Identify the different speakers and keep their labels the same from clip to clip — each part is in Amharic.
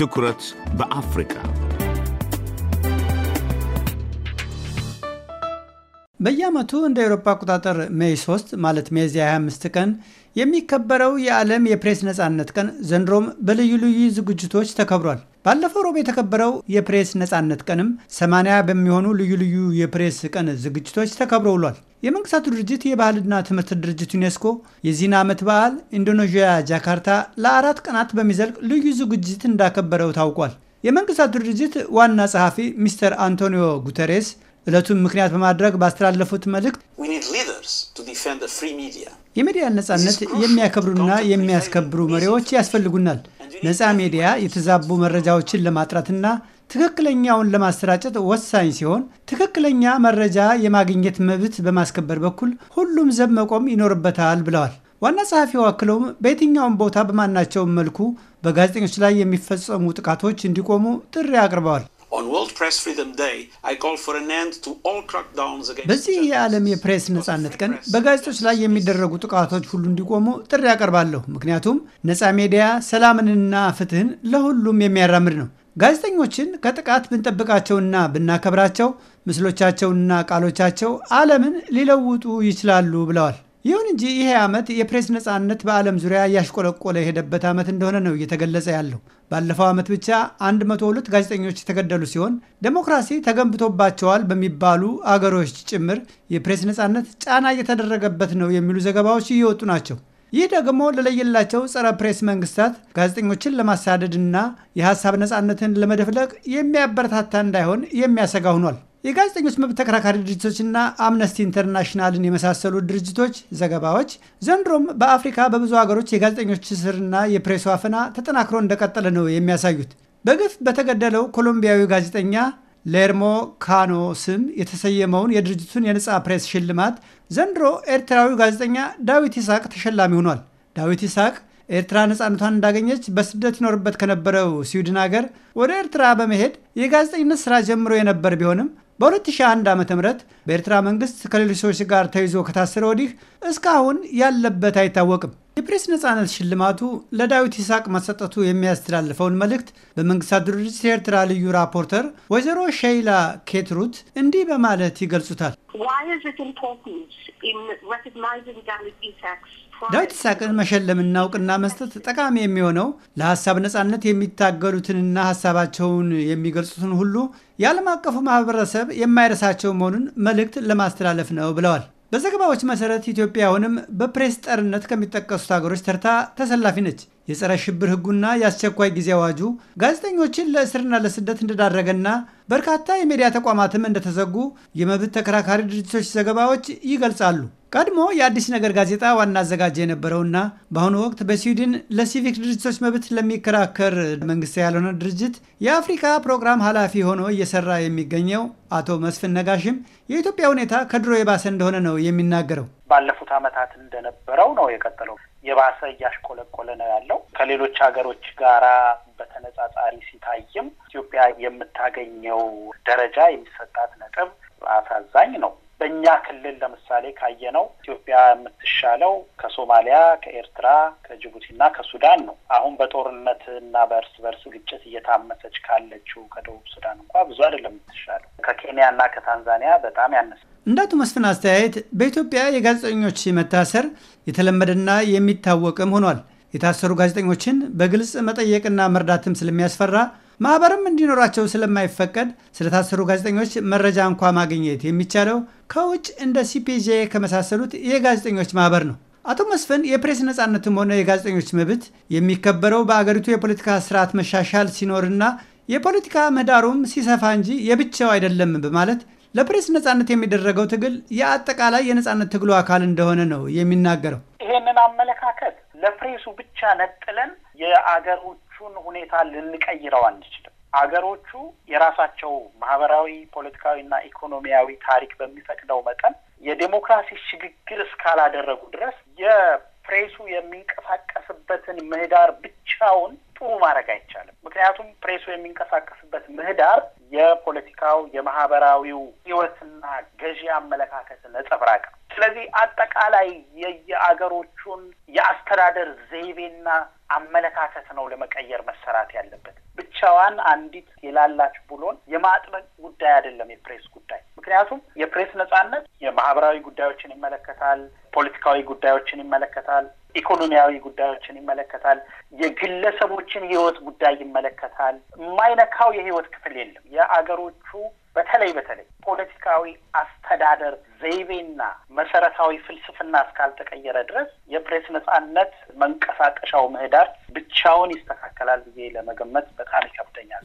Speaker 1: ትኩረት በአፍሪካ
Speaker 2: በየዓመቱ እንደ አውሮፓ አቆጣጠር ሜይ 3 ማለት ሚያዝያ 25 ቀን የሚከበረው የዓለም የፕሬስ ነፃነት ቀን ዘንድሮም በልዩ ልዩ ዝግጅቶች ተከብሯል። ባለፈው ሮብ የተከበረው የፕሬስ ነፃነት ቀንም 80 በሚሆኑ ልዩ ልዩ የፕሬስ ቀን ዝግጅቶች ተከብሮ ውሏል። የመንግስታቱ ድርጅት የባህልና ትምህርት ድርጅት ዩኔስኮ የዚህን ዓመት በዓል ኢንዶኔዥያ ጃካርታ ለአራት ቀናት በሚዘልቅ ልዩ ዝግጅት እንዳከበረው ታውቋል። የመንግስታቱ ድርጅት ዋና ጸሐፊ ሚስተር አንቶኒዮ ጉተሬስ ዕለቱን ምክንያት በማድረግ ባስተላለፉት መልእክት የሚዲያን ነጻነት የሚያከብሩና የሚያስከብሩ መሪዎች ያስፈልጉናል። ነፃ ሚዲያ የተዛቡ መረጃዎችን ለማጥራትና ትክክለኛውን ለማሰራጨት ወሳኝ ሲሆን ትክክለኛ መረጃ የማግኘት መብት በማስከበር በኩል ሁሉም ዘብ መቆም ይኖርበታል ብለዋል። ዋና ጸሐፊው አክለውም በየትኛውም ቦታ በማናቸውም መልኩ በጋዜጠኞች ላይ የሚፈጸሙ ጥቃቶች እንዲቆሙ ጥሪ አቅርበዋል። በዚህ የዓለም የፕሬስ ነጻነት ቀን በጋዜጦች ላይ የሚደረጉ ጥቃቶች ሁሉ እንዲቆሙ ጥሪ አቀርባለሁ። ምክንያቱም ነጻ ሜዲያ ሰላምንና ፍትህን ለሁሉም የሚያራምድ ነው። ጋዜጠኞችን ከጥቃት ብንጠብቃቸውና ብናከብራቸው ምስሎቻቸውና ቃሎቻቸው ዓለምን ሊለውጡ ይችላሉ ብለዋል። ይሁን እንጂ ይሄ ዓመት የፕሬስ ነፃነት በዓለም ዙሪያ እያሽቆለቆለ የሄደበት ዓመት እንደሆነ ነው እየተገለጸ ያለው። ባለፈው ዓመት ብቻ 102 ጋዜጠኞች የተገደሉ ሲሆን ዴሞክራሲ ተገንብቶባቸዋል በሚባሉ አገሮች ጭምር የፕሬስ ነፃነት ጫና እየተደረገበት ነው የሚሉ ዘገባዎች እየወጡ ናቸው። ይህ ደግሞ ለለየላቸው ጸረ ፕሬስ መንግስታት ጋዜጠኞችን ለማሳደድና የሀሳብ ነፃነትን ለመደፍለቅ የሚያበረታታ እንዳይሆን የሚያሰጋ ሆኗል። የጋዜጠኞች መብት ተከራካሪ ድርጅቶችና አምነስቲ ኢንተርናሽናልን የመሳሰሉ ድርጅቶች ዘገባዎች ዘንድሮም በአፍሪካ በብዙ ሀገሮች የጋዜጠኞች እስርና የፕሬሱ አፈና ተጠናክሮ እንደቀጠለ ነው የሚያሳዩት። በግፍ በተገደለው ኮሎምቢያዊ ጋዜጠኛ ሌርሞ ካኖ ስም የተሰየመውን የድርጅቱን የነፃ ፕሬስ ሽልማት ዘንድሮ ኤርትራዊ ጋዜጠኛ ዳዊት ይስሐቅ ተሸላሚ ሆኗል። ዳዊት ይስሐቅ ኤርትራ ነፃነቷን እንዳገኘች በስደት ይኖርበት ከነበረው ስዊድን ሀገር ወደ ኤርትራ በመሄድ የጋዜጠኝነት ስራ ጀምሮ የነበር ቢሆንም በ2001 ዓ ም በኤርትራ መንግስት ከሌሎች ሰዎች ጋር ተይዞ ከታሰረ ወዲህ እስካሁን ያለበት አይታወቅም። የፕሬስ ነጻነት ሽልማቱ ለዳዊት ይስሐቅ መሰጠቱ የሚያስተላልፈውን መልእክት በመንግስታት ድርጅት የኤርትራ ልዩ ራፖርተር ወይዘሮ ሸይላ ኬትሩት እንዲህ በማለት ይገልጹታል።
Speaker 3: ዳዊት ይስሐቅን
Speaker 2: መሸለምና እውቅና መስጠት ጠቃሚ የሚሆነው ለሀሳብ ነጻነት የሚታገሉትንና ሀሳባቸውን የሚገልጹትን ሁሉ የዓለም አቀፉ ማህበረሰብ የማይረሳቸው መሆኑን መልእክት ለማስተላለፍ ነው ብለዋል። በዘገባዎች መሰረት ኢትዮጵያ አሁንም በፕሬስ ጠርነት ከሚጠቀሱት ሀገሮች ተርታ ተሰላፊ ነች። የጸረ ሽብር ህጉና የአስቸኳይ ጊዜ አዋጁ ጋዜጠኞችን ለእስርና ለስደት እንደዳረገና በርካታ የሚዲያ ተቋማትም እንደተዘጉ የመብት ተከራካሪ ድርጅቶች ዘገባዎች ይገልጻሉ። ቀድሞ የአዲስ ነገር ጋዜጣ ዋና አዘጋጅ የነበረውና በአሁኑ ወቅት በስዊድን ለሲቪክ ድርጅቶች መብት ለሚከራከር መንግስት ያልሆነ ድርጅት የአፍሪካ ፕሮግራም ኃላፊ ሆኖ እየሰራ የሚገኘው አቶ መስፍን ነጋሽም የኢትዮጵያ ሁኔታ ከድሮ የባሰ እንደሆነ ነው የሚናገረው።
Speaker 3: ባለፉት ዓመታት እንደነበረው ነው የቀጠለው። የባሰ እያሽቆለቆለ ነው ያለው። ከሌሎች ሀገሮች ጋራ በተነጻጻሪ ሲታይም ኢትዮጵያ የምታገኘው ደረጃ የሚሰጣት ነጥብ አሳዛኝ ነው። በእኛ ክልል ለምሳሌ ካየነው ኢትዮጵያ የምትሻለው ከሶማሊያ፣ ከኤርትራ፣ እና ከሱዳን ነው። አሁን በጦርነት እና በእርስ በርስ ግጭት እየታመሰች ካለችው ከደቡብ ሱዳን እንኳ ብዙ አይደለም የምትሻለው። ከኬንያና ከታንዛኒያ በጣም ያነሰ።
Speaker 2: እንደ አቶ መስፍን አስተያየት በኢትዮጵያ የጋዜጠኞች መታሰር የተለመደና የሚታወቅም ሆኗል። የታሰሩ ጋዜጠኞችን በግልጽ መጠየቅና መርዳትም ስለሚያስፈራ ማህበርም እንዲኖራቸው ስለማይፈቀድ ስለታሰሩ ጋዜጠኞች መረጃ እንኳ ማግኘት የሚቻለው ከውጭ እንደ ሲፒጄ ከመሳሰሉት የጋዜጠኞች ማህበር ነው። አቶ መስፍን የፕሬስ ነጻነትም ሆነ የጋዜጠኞች መብት የሚከበረው በአገሪቱ የፖለቲካ ስርዓት መሻሻል ሲኖርና የፖለቲካ ምህዳሩም ሲሰፋ እንጂ የብቻው አይደለም በማለት ለፕሬስ ነጻነት የሚደረገው ትግል የአጠቃላይ የነጻነት ትግሉ አካል እንደሆነ ነው የሚናገረው።
Speaker 3: ይህንን አመለካከት ለፕሬሱ ብቻ ነጥለን የአገሮቹን ሁኔታ ልንቀይረው አንችልም። አገሮቹ የራሳቸው ማህበራዊ፣ ፖለቲካዊ እና ኢኮኖሚያዊ ታሪክ በሚፈቅደው መጠን የዴሞክራሲ ሽግግር እስካላደረጉ ድረስ የፕሬሱ የሚንቀሳቀስበትን ምህዳር ብቻውን ጥሩ ማድረግ አይቻልም። ምክንያቱም ፕሬሱ የሚንቀሳቀስበት ምህዳር የፖለቲካው የማህበራዊው ህይወትና ገዢ አመለካከት ነጸብራቅ ነው። ስለዚህ አጠቃላይ የየአገሮቹን የአስተዳደር ዘይቤና አመለካከት ነው ለመቀየር መሰራት ያለበት። ብቻዋን አንዲት የላላች ብሎን የማጥበቅ ጉዳይ አይደለም የፕሬስ ጉዳይ። ምክንያቱም የፕሬስ ነጻነት የማህበራዊ ጉዳዮችን ይመለከታል፣ ፖለቲካዊ ጉዳዮችን ይመለከታል ኢኮኖሚያዊ ጉዳዮችን ይመለከታል። የግለሰቦችን የህይወት ጉዳይ ይመለከታል። የማይነካው የህይወት ክፍል የለም። የአገሮቹ በተለይ በተለይ ፖለቲካዊ አስተዳደር ዘይቤና መሰረታዊ ፍልስፍና እስካልተቀየረ ድረስ የፕሬስ ነጻነት መንቀሳቀሻው ምህዳር ብቻውን ይስተካከላል ብዬ ለመገመት በጣም ይከብደኛል።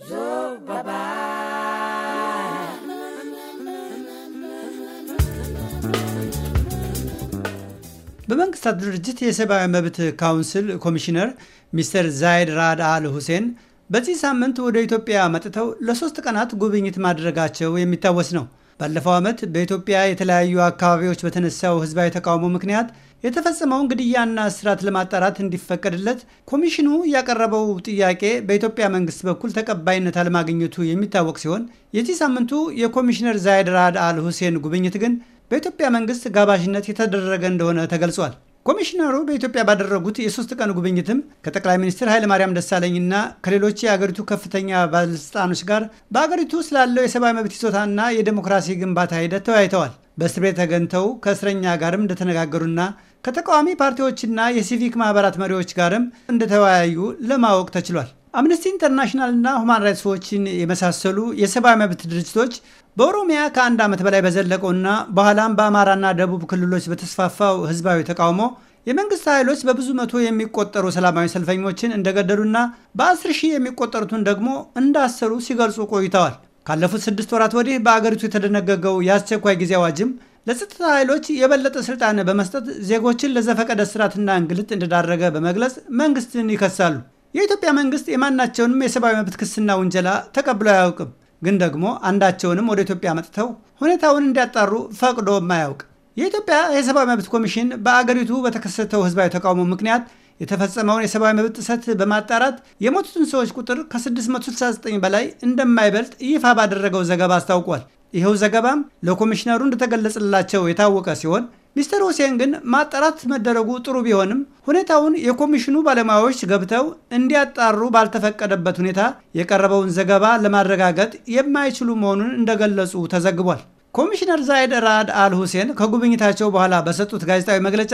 Speaker 2: በመንግስታቱ ድርጅት የሰብአዊ መብት ካውንስል ኮሚሽነር ሚስተር ዛይድ ራድ አል ሁሴን በዚህ ሳምንት ወደ ኢትዮጵያ መጥተው ለሶስት ቀናት ጉብኝት ማድረጋቸው የሚታወስ ነው። ባለፈው ዓመት በኢትዮጵያ የተለያዩ አካባቢዎች በተነሳው ህዝባዊ ተቃውሞ ምክንያት የተፈጸመውን ግድያና እስራት ለማጣራት እንዲፈቀድለት ኮሚሽኑ ያቀረበው ጥያቄ በኢትዮጵያ መንግስት በኩል ተቀባይነት አለማግኘቱ የሚታወቅ ሲሆን የዚህ ሳምንቱ የኮሚሽነር ዛይድ ራድ አል ሁሴን ጉብኝት ግን በኢትዮጵያ መንግስት ጋባዥነት የተደረገ እንደሆነ ተገልጿል። ኮሚሽነሩ በኢትዮጵያ ባደረጉት የሶስት ቀን ጉብኝትም ከጠቅላይ ሚኒስትር ኃይለማርያም ደሳለኝና ከሌሎች የአገሪቱ ከፍተኛ ባለስልጣኖች ጋር በአገሪቱ ስላለው የሰብአዊ መብት ይዞታና የዴሞክራሲ ግንባታ ሂደት ተወያይተዋል። በእስር ቤት ተገኝተው ከእስረኛ ጋርም እንደተነጋገሩና ከተቃዋሚ ፓርቲዎችና የሲቪክ ማህበራት መሪዎች ጋርም እንደተወያዩ ለማወቅ ተችሏል። አምነስቲ ኢንተርናሽናል እና ሁማን ራይትስ ዎችን የመሳሰሉ የሰብአዊ መብት ድርጅቶች በኦሮሚያ ከአንድ ዓመት በላይ በዘለቀውና በኋላም በአማራና ደቡብ ክልሎች በተስፋፋው ህዝባዊ ተቃውሞ የመንግስት ኃይሎች በብዙ መቶ የሚቆጠሩ ሰላማዊ ሰልፈኞችን እንደገደሉና በአስር ሺህ የሚቆጠሩትን ደግሞ እንዳሰሩ ሲገልጹ ቆይተዋል። ካለፉት ስድስት ወራት ወዲህ በአገሪቱ የተደነገገው የአስቸኳይ ጊዜ አዋጅም ለጸጥታ ኃይሎች የበለጠ ስልጣን በመስጠት ዜጎችን ለዘፈቀደ ስርዓትና እንግልት እንደዳረገ በመግለጽ መንግስትን ይከሳሉ። የኢትዮጵያ መንግስት የማናቸውንም የሰብአዊ መብት ክስና ውንጀላ ተቀብሎ አያውቅም። ግን ደግሞ አንዳቸውንም ወደ ኢትዮጵያ መጥተው ሁኔታውን እንዲያጣሩ ፈቅዶ ማያውቅ። የኢትዮጵያ የሰብአዊ መብት ኮሚሽን በአገሪቱ በተከሰተው ህዝባዊ ተቃውሞ ምክንያት የተፈጸመውን የሰብአዊ መብት ጥሰት በማጣራት የሞቱትን ሰዎች ቁጥር ከ669 በላይ እንደማይበልጥ ይፋ ባደረገው ዘገባ አስታውቋል። ይኸው ዘገባም ለኮሚሽነሩ እንደተገለጸላቸው የታወቀ ሲሆን ሚስተር ሁሴን ግን ማጣራት መደረጉ ጥሩ ቢሆንም ሁኔታውን የኮሚሽኑ ባለሙያዎች ገብተው እንዲያጣሩ ባልተፈቀደበት ሁኔታ የቀረበውን ዘገባ ለማረጋገጥ የማይችሉ መሆኑን እንደገለጹ ተዘግቧል። ኮሚሽነር ዛይድ ራድ አል ሁሴን ከጉብኝታቸው በኋላ በሰጡት ጋዜጣዊ መግለጫ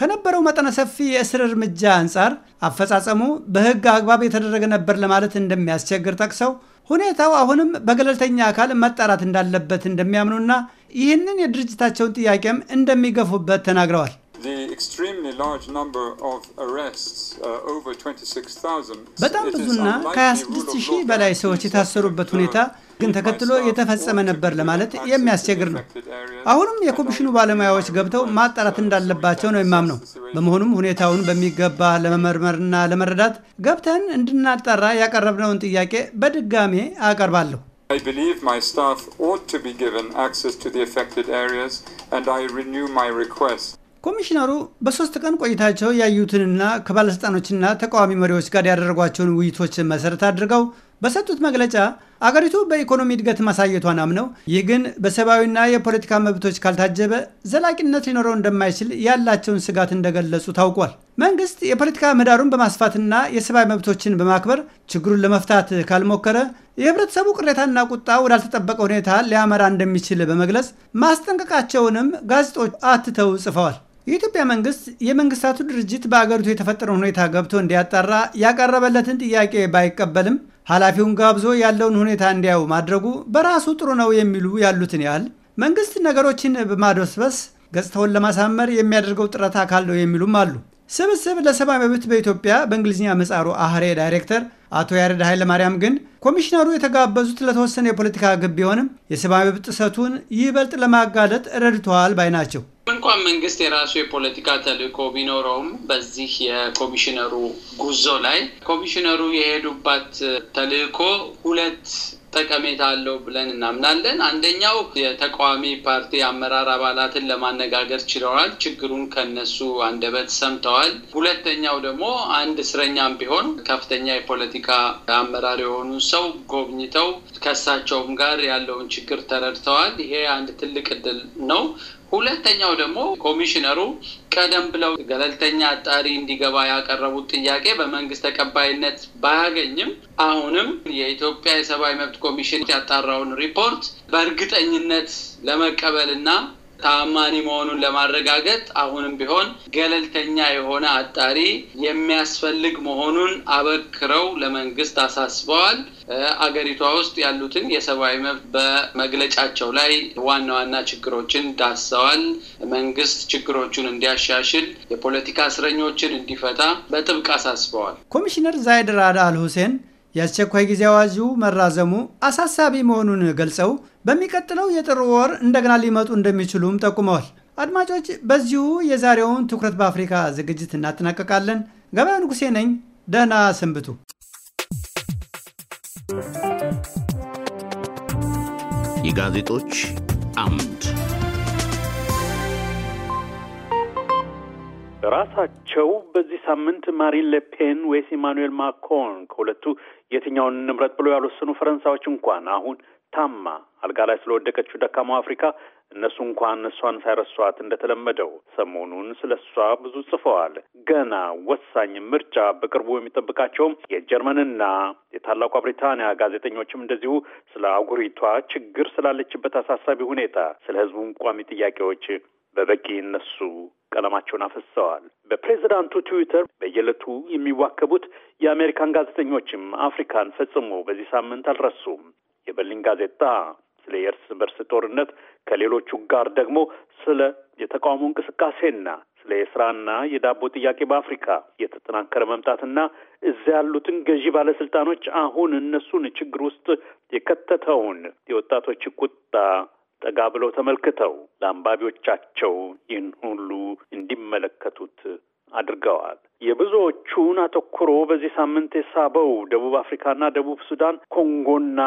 Speaker 2: ከነበረው መጠነ ሰፊ የእስር እርምጃ አንጻር አፈጻጸሙ በሕግ አግባብ የተደረገ ነበር ለማለት እንደሚያስቸግር ጠቅሰው ሁኔታው አሁንም በገለልተኛ አካል መጣራት እንዳለበት እንደሚያምኑና ይህንን የድርጅታቸውን ጥያቄም እንደሚገፉበት ተናግረዋል። uh,
Speaker 4: በጣም ብዙና ከ26
Speaker 2: ሺህ በላይ ሰዎች የታሰሩበት ሁኔታ uh, ግን ተከትሎ የተፈጸመ ነበር ለማለት የሚያስቸግር ነው። አሁንም የኮሚሽኑ ባለሙያዎች ገብተው ማጣራት እንዳለባቸው ነው የማምነው። በመሆኑም ሁኔታውን በሚገባ ለመመርመርና ለመረዳት ገብተን እንድናጠራ ያቀረብነውን ጥያቄ በድጋሜ አቀርባለሁ።
Speaker 4: I believe my staff ought to be given access to the affected areas and I renew my request.
Speaker 2: ኮሚሽነሩ በሶስት ቀን ቆይታቸው ያዩትንና ከባለስልጣኖችና ተቃዋሚ መሪዎች ጋር ያደረጓቸውን ውይይቶችን መሰረት አድርገው በሰጡት መግለጫ አገሪቱ በኢኮኖሚ እድገት ማሳየቷን አምነው ይህ ግን በሰብአዊና የፖለቲካ መብቶች ካልታጀበ ዘላቂነት ሊኖረው እንደማይችል ያላቸውን ስጋት እንደገለጹ ታውቋል። መንግስት የፖለቲካ ምህዳሩን በማስፋትና የሰብአዊ መብቶችን በማክበር ችግሩን ለመፍታት ካልሞከረ የህብረተሰቡ ቅሬታና ቁጣ ወዳልተጠበቀ ሁኔታ ሊያመራ እንደሚችል በመግለጽ ማስጠንቀቃቸውንም ጋዜጦች አትተው ጽፈዋል። የኢትዮጵያ መንግስት የመንግስታቱ ድርጅት በአገሪቱ የተፈጠረውን ሁኔታ ገብቶ እንዲያጣራ ያቀረበለትን ጥያቄ ባይቀበልም ኃላፊውን ጋብዞ ያለውን ሁኔታ እንዲያዩ ማድረጉ በራሱ ጥሩ ነው የሚሉ ያሉትን ያህል መንግስት ነገሮችን በማድበስበስ ገጽታውን ለማሳመር የሚያደርገው ጥረት አካል ነው የሚሉም አሉ። ስብስብ ለሰብአዊ መብት በኢትዮጵያ በእንግሊዝኛ ምህጻሩ አህሬ ዳይሬክተር አቶ ያሬድ ኃይለማርያም ግን ኮሚሽነሩ የተጋበዙት ለተወሰነ የፖለቲካ ግብ ቢሆንም የሰብአዊ መብት ጥሰቱን ይበልጥ ለማጋለጥ ረድተዋል ባይ ናቸው።
Speaker 4: እንኳን መንግስት የራሱ የፖለቲካ ተልእኮ ቢኖረውም በዚህ የኮሚሽነሩ ጉዞ ላይ ኮሚሽነሩ የሄዱባት ተልእኮ ሁለት ጠቀሜታ አለው ብለን እናምናለን። አንደኛው የተቃዋሚ ፓርቲ አመራር አባላትን ለማነጋገር ችለዋል። ችግሩን ከነሱ አንደበት ሰምተዋል። ሁለተኛው ደግሞ አንድ እስረኛም ቢሆን ከፍተኛ የፖለቲካ አመራር የሆኑ ሰው ጎብኝተው ከእሳቸውም ጋር ያለውን ችግር ተረድተዋል። ይሄ አንድ ትልቅ እድል ነው። ሁለተኛው ደግሞ ኮሚሽነሩ ቀደም ብለው ገለልተኛ አጣሪ እንዲገባ ያቀረቡት ጥያቄ በመንግስት ተቀባይነት ባያገኝም አሁንም የኢትዮጵያ የሰብአዊ መብት ኮሚሽን ያጣራውን ሪፖርት በእርግጠኝነት ለመቀበልና ተአማኒ መሆኑን ለማረጋገጥ አሁንም ቢሆን ገለልተኛ የሆነ አጣሪ የሚያስፈልግ መሆኑን አበክረው ለመንግስት አሳስበዋል። አገሪቷ ውስጥ ያሉትን የሰብአዊ መብት በመግለጫቸው ላይ ዋና ዋና ችግሮችን ዳሰዋል። መንግስት ችግሮቹን እንዲያሻሽል፣ የፖለቲካ እስረኞችን እንዲፈታ በጥብቅ አሳስበዋል።
Speaker 2: ኮሚሽነር ዛይድ ራድ አል ሁሴን የአስቸኳይ ጊዜ አዋጁ መራዘሙ አሳሳቢ መሆኑን ገልጸው በሚቀጥለው የጥር ወር እንደገና ሊመጡ እንደሚችሉም ጠቁመዋል። አድማጮች፣ በዚሁ የዛሬውን ትኩረት በአፍሪካ ዝግጅት እናጠናቀቃለን። ገበያው ንጉሴ ነኝ። ደህና ሰንብቱ።
Speaker 1: የጋዜጦች አምድ ራሳቸው በዚህ ሳምንት ማሪን ሌፔን ወይስ ኢማኑኤል ማክሮን ከሁለቱ የትኛውን ንብረት ብሎ ያልወሰኑ ፈረንሳዮች እንኳን አሁን ታማ አልጋ ላይ ስለወደቀችው ደካማ አፍሪካ እነሱ እንኳን እሷን ሳይረሷት እንደተለመደው ሰሞኑን ስለ እሷ ብዙ ጽፈዋል። ገና ወሳኝ ምርጫ በቅርቡ የሚጠብቃቸውም የጀርመንና የታላቋ ብሪታንያ ጋዜጠኞችም እንደዚሁ ስለ አጉሪቷ ችግር ስላለችበት አሳሳቢ ሁኔታ፣ ስለ ሕዝቡም ቋሚ ጥያቄዎች በበቂ እነሱ ቀለማቸውን አፈሰዋል። በፕሬዚዳንቱ ትዊተር በየዕለቱ የሚዋከቡት የአሜሪካን ጋዜጠኞችም አፍሪካን ፈጽሞ በዚህ ሳምንት አልረሱም። የበርሊን ጋዜጣ ስለ የእርስ በርስ ጦርነት ከሌሎቹ ጋር ደግሞ ስለ የተቃውሞ እንቅስቃሴና ስለ የስራና የዳቦ ጥያቄ በአፍሪካ የተጠናከረ መምጣትና እዚያ ያሉትን ገዢ ባለስልጣኖች አሁን እነሱን ችግር ውስጥ የከተተውን የወጣቶች ቁጣ ጠጋ ብለው ተመልክተው ለአንባቢዎቻቸው ይህን ሁሉ እንዲመለከቱት አድርገዋል። የብዙዎቹን አተኩሮ በዚህ ሳምንት የሳበው ደቡብ አፍሪካና ደቡብ ሱዳን፣ ኮንጎና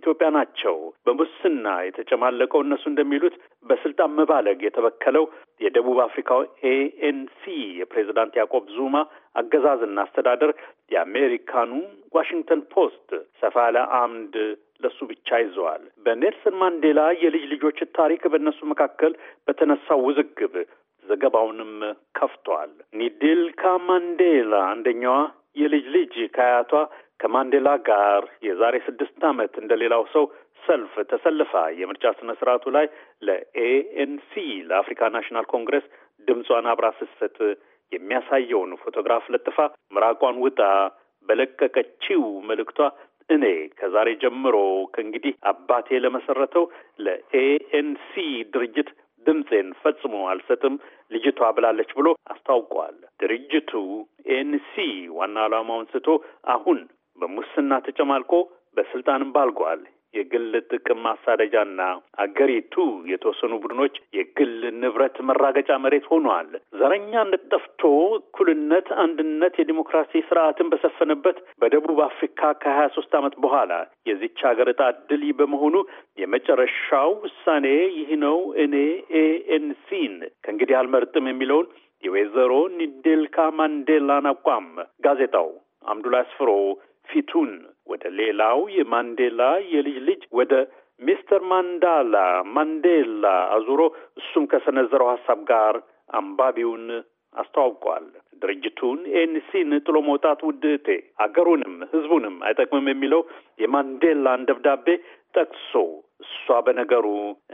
Speaker 1: ኢትዮጵያ ናቸው። በሙስና የተጨማለቀው እነሱ እንደሚሉት በስልጣን መባለግ የተበከለው የደቡብ አፍሪካው ኤኤንሲ የፕሬዚዳንት ያዕቆብ ዙማ አገዛዝና አስተዳደር የአሜሪካኑ ዋሽንግተን ፖስት ሰፋ ያለ አምድ ለሱ ብቻ ይዘዋል። በኔልሰን ማንዴላ የልጅ ልጆች ታሪክ በእነሱ መካከል በተነሳው ውዝግብ ዘገባውንም ከፍቷል። ኒዲልካ ማንዴላ አንደኛዋ የልጅ ልጅ ከአያቷ ከማንዴላ ጋር የዛሬ ስድስት ዓመት እንደ ሌላው ሰው ሰልፍ ተሰልፋ የምርጫ ስነ ስርዓቱ ላይ ለኤኤንሲ ለአፍሪካ ናሽናል ኮንግረስ ድምጿን አብራ ስትሰጥ የሚያሳየውን ፎቶግራፍ ለጥፋ ምራቋን ውጣ በለቀቀችው መልእክቷ እኔ ከዛሬ ጀምሮ ከእንግዲህ አባቴ ለመሰረተው ለኤኤንሲ ድርጅት ድምፄን ፈጽሞ አልሰጥም ልጅቷ ብላለች ብሎ አስታውቋል። ድርጅቱ ኤንሲ ዋና ዓላማውን ስቶ አሁን በሙስና ተጨማልቆ በስልጣንም ባልጓል የግል ጥቅም ማሳደጃና አገሪቱ የተወሰኑ ቡድኖች የግል ንብረት መራገጫ መሬት ሆኗል። ዘረኛነት ጠፍቶ እኩልነት፣ አንድነት፣ የዲሞክራሲ ስርዓትን በሰፈነበት በደቡብ አፍሪካ ከሀያ ሶስት ዓመት በኋላ የዚች ሀገር እጣ ድል በመሆኑ የመጨረሻው ውሳኔ ይህ ነው። እኔ ኤኤንሲን ከእንግዲህ አልመርጥም የሚለውን የወይዘሮ ኒዴልካ ማንዴላን አቋም ጋዜጣው አምዱላ አስፍሮ ፊቱን ወደ ሌላው የማንዴላ የልጅ ልጅ ወደ ሚስተር ማንዳላ ማንዴላ አዙሮ እሱም ከሰነዘረው ሀሳብ ጋር አንባቢውን አስተዋውቋል። ድርጅቱን ኤንሲን ጥሎ መውጣት ውድቴ አገሩንም ህዝቡንም አይጠቅምም የሚለው የማንዴላን ደብዳቤ ጠቅሶ እሷ በነገሩ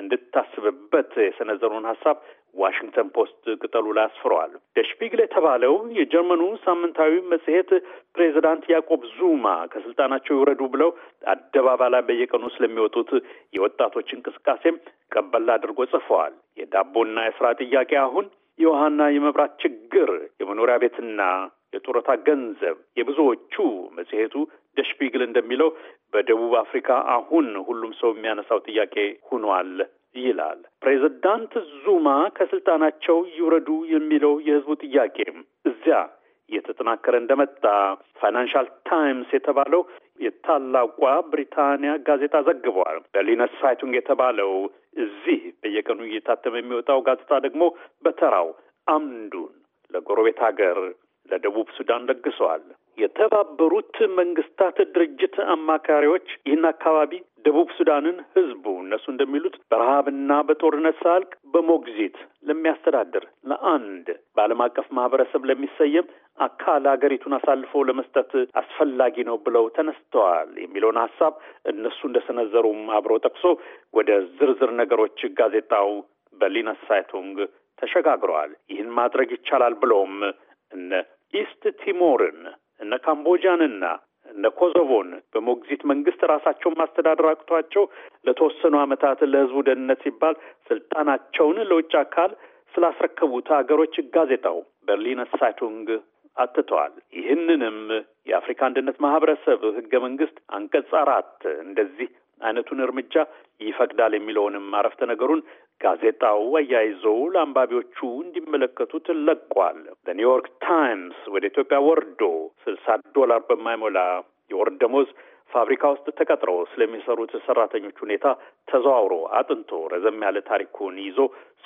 Speaker 1: እንድታስብበት የሰነዘሩን ሀሳብ ዋሽንግተን ፖስት ቅጠሉ ላይ አስፍረዋል። ደሽፒግል የተባለው የጀርመኑ ሳምንታዊ መጽሔት ፕሬዚዳንት ያዕቆብ ዙማ ከስልጣናቸው ይውረዱ ብለው አደባባይ ላይ በየቀኑ ስለሚወጡት የወጣቶች እንቅስቃሴም ቀበል አድርጎ ጽፈዋል። የዳቦና የስራ ጥያቄ አሁን የውሃና የመብራት ችግር፣ የመኖሪያ ቤትና የጡረታ ገንዘብ የብዙዎቹ መጽሔቱ ደሽፒግል እንደሚለው በደቡብ አፍሪካ አሁን ሁሉም ሰው የሚያነሳው ጥያቄ ሆኗል ይላል። ፕሬዝዳንት ዙማ ከስልጣናቸው ይውረዱ የሚለው የህዝቡ ጥያቄም እዚያ እየተጠናከረ እንደመጣ ፋይናንሻል ታይምስ የተባለው የታላቋ ብሪታንያ ጋዜጣ ዘግቧል። በርሊነር ሳይቱንግ የተባለው እዚህ በየቀኑ እየታተመ የሚወጣው ጋዜጣ ደግሞ በተራው አምዱን ለጎረቤት ሀገር ለደቡብ ሱዳን ለግሰዋል። የተባበሩት መንግስታት ድርጅት አማካሪዎች ይህን አካባቢ ደቡብ ሱዳንን ህዝቡ እነሱ እንደሚሉት በረሃብና በጦርነት ሳልቅ በሞግዚት ለሚያስተዳድር ለአንድ በዓለም አቀፍ ማህበረሰብ ለሚሰየም አካል አገሪቱን አሳልፎ ለመስጠት አስፈላጊ ነው ብለው ተነስተዋል የሚለውን ሀሳብ እነሱ እንደሰነዘሩም አብሮ ጠቅሶ ወደ ዝርዝር ነገሮች ጋዜጣው በርሊነር ሳይቱንግ ተሸጋግረዋል። ይህን ማድረግ ይቻላል ብለውም እነ ኢስት ቲሞርን እነ ካምቦጃንና እነ ኮሶቮን በሞግዚት መንግስት ራሳቸውን ማስተዳደር አቅቷቸው ለተወሰኑ ዓመታት ለህዝቡ ደህንነት ሲባል ስልጣናቸውን ለውጭ አካል ስላስረከቡት አገሮች ጋዜጣው በርሊን ሳይቱንግ አትተዋል። ይህንንም የአፍሪካ አንድነት ማህበረሰብ ህገ መንግስት አንቀጽ አራት እንደዚህ አይነቱን እርምጃ ይፈቅዳል የሚለውንም አረፍተ ነገሩን ጋዜጣው አያይዘው ለአንባቢዎቹ እንዲመለከቱት ለቋል። በኒውዮርክ ታይምስ ወደ ኢትዮጵያ ወርዶ ስልሳ ዶላር በማይሞላ የወር ደሞዝ ፋብሪካ ውስጥ ተቀጥረው ስለሚሰሩት ሰራተኞች ሁኔታ ተዘዋውሮ አጥንቶ ረዘም ያለ ታሪኩን ይዞ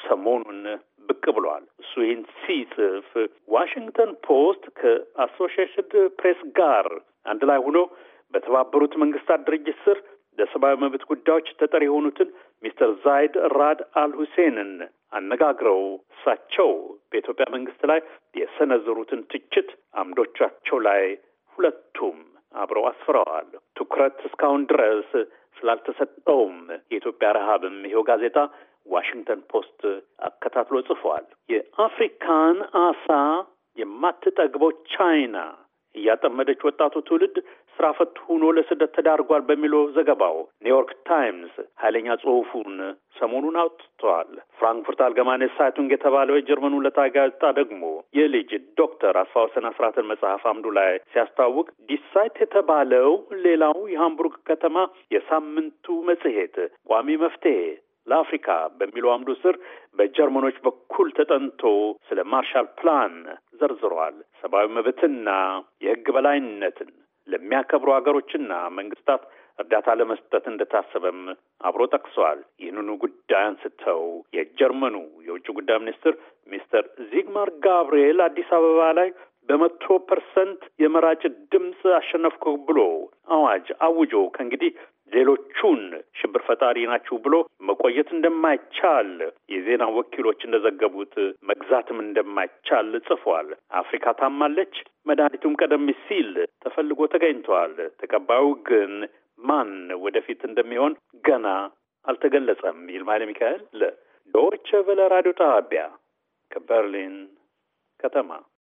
Speaker 1: ሰሞኑን ብቅ ብሏል። እሱ ይህን ሲጽፍ ዋሽንግተን ፖስት ከአሶሺየትድ ፕሬስ ጋር አንድ ላይ ሆኖ በተባበሩት መንግስታት ድርጅት ስር ለሰብአዊ መብት ጉዳዮች ተጠሪ የሆኑትን ሚስተር ዛይድ ራድ አል ሁሴንን አነጋግረው እሳቸው በኢትዮጵያ መንግስት ላይ የሰነዘሩትን ትችት አምዶቻቸው ላይ ሁለቱም አብረው አስፍረዋል። ትኩረት እስካሁን ድረስ ስላልተሰጠውም የኢትዮጵያ ረሃብም ይሄው ጋዜጣ ዋሽንግተን ፖስት አከታትሎ ጽፏል። የአፍሪካን አሳ የማትጠግበው ቻይና እያጠመደች ወጣቱ ትውልድ ስራ ፈት ሆኖ ለስደት ተዳርጓል በሚለው ዘገባው ኒውዮርክ ታይምስ ኃይለኛ ጽሑፉን ሰሞኑን አውጥተዋል። ፍራንክፉርት አልገማኔ ሳይቱንግ የተባለው የጀርመኑ ለታ ጋዜጣ ደግሞ የልጅ ዶክተር አስፋወሰን አስራትን መጽሐፍ አምዱ ላይ ሲያስታውቅ ዲሳይት የተባለው ሌላው የሃምቡርግ ከተማ የሳምንቱ መጽሔት ቋሚ መፍትሄ ለአፍሪካ በሚለው አምዱ ስር በጀርመኖች በኩል ተጠንቶ ስለ ማርሻል ፕላን ዘርዝሯል። ሰብአዊ መብትና የህግ በላይነትን ለሚያከብሩ ሀገሮችና መንግስታት እርዳታ ለመስጠት እንደታሰበም አብሮ ጠቅሰዋል። ይህንኑ ጉዳይ አንስተው የጀርመኑ የውጭ ጉዳይ ሚኒስትር ሚስተር ዚግማር ጋብርኤል አዲስ አበባ ላይ በመቶ ፐርሰንት የመራጭ ድምፅ አሸነፍኩ ብሎ አዋጅ አውጆ ከእንግዲህ ሌሎቹን ሽብር ፈጣሪ ናችሁ ብሎ መቆየት እንደማይቻል የዜና ወኪሎች እንደዘገቡት መግዛትም እንደማይቻል ጽፏል። አፍሪካ ታማለች፣ መድኃኒቱም ቀደም ሲል ተፈልጎ ተገኝቷል። ተቀባዩ ግን ማን ወደፊት እንደሚሆን ገና አልተገለጸም። ይልማይል ሚካኤል ለዶይቸ ቬለ ራዲዮ ጣቢያ ከበርሊን ከተማ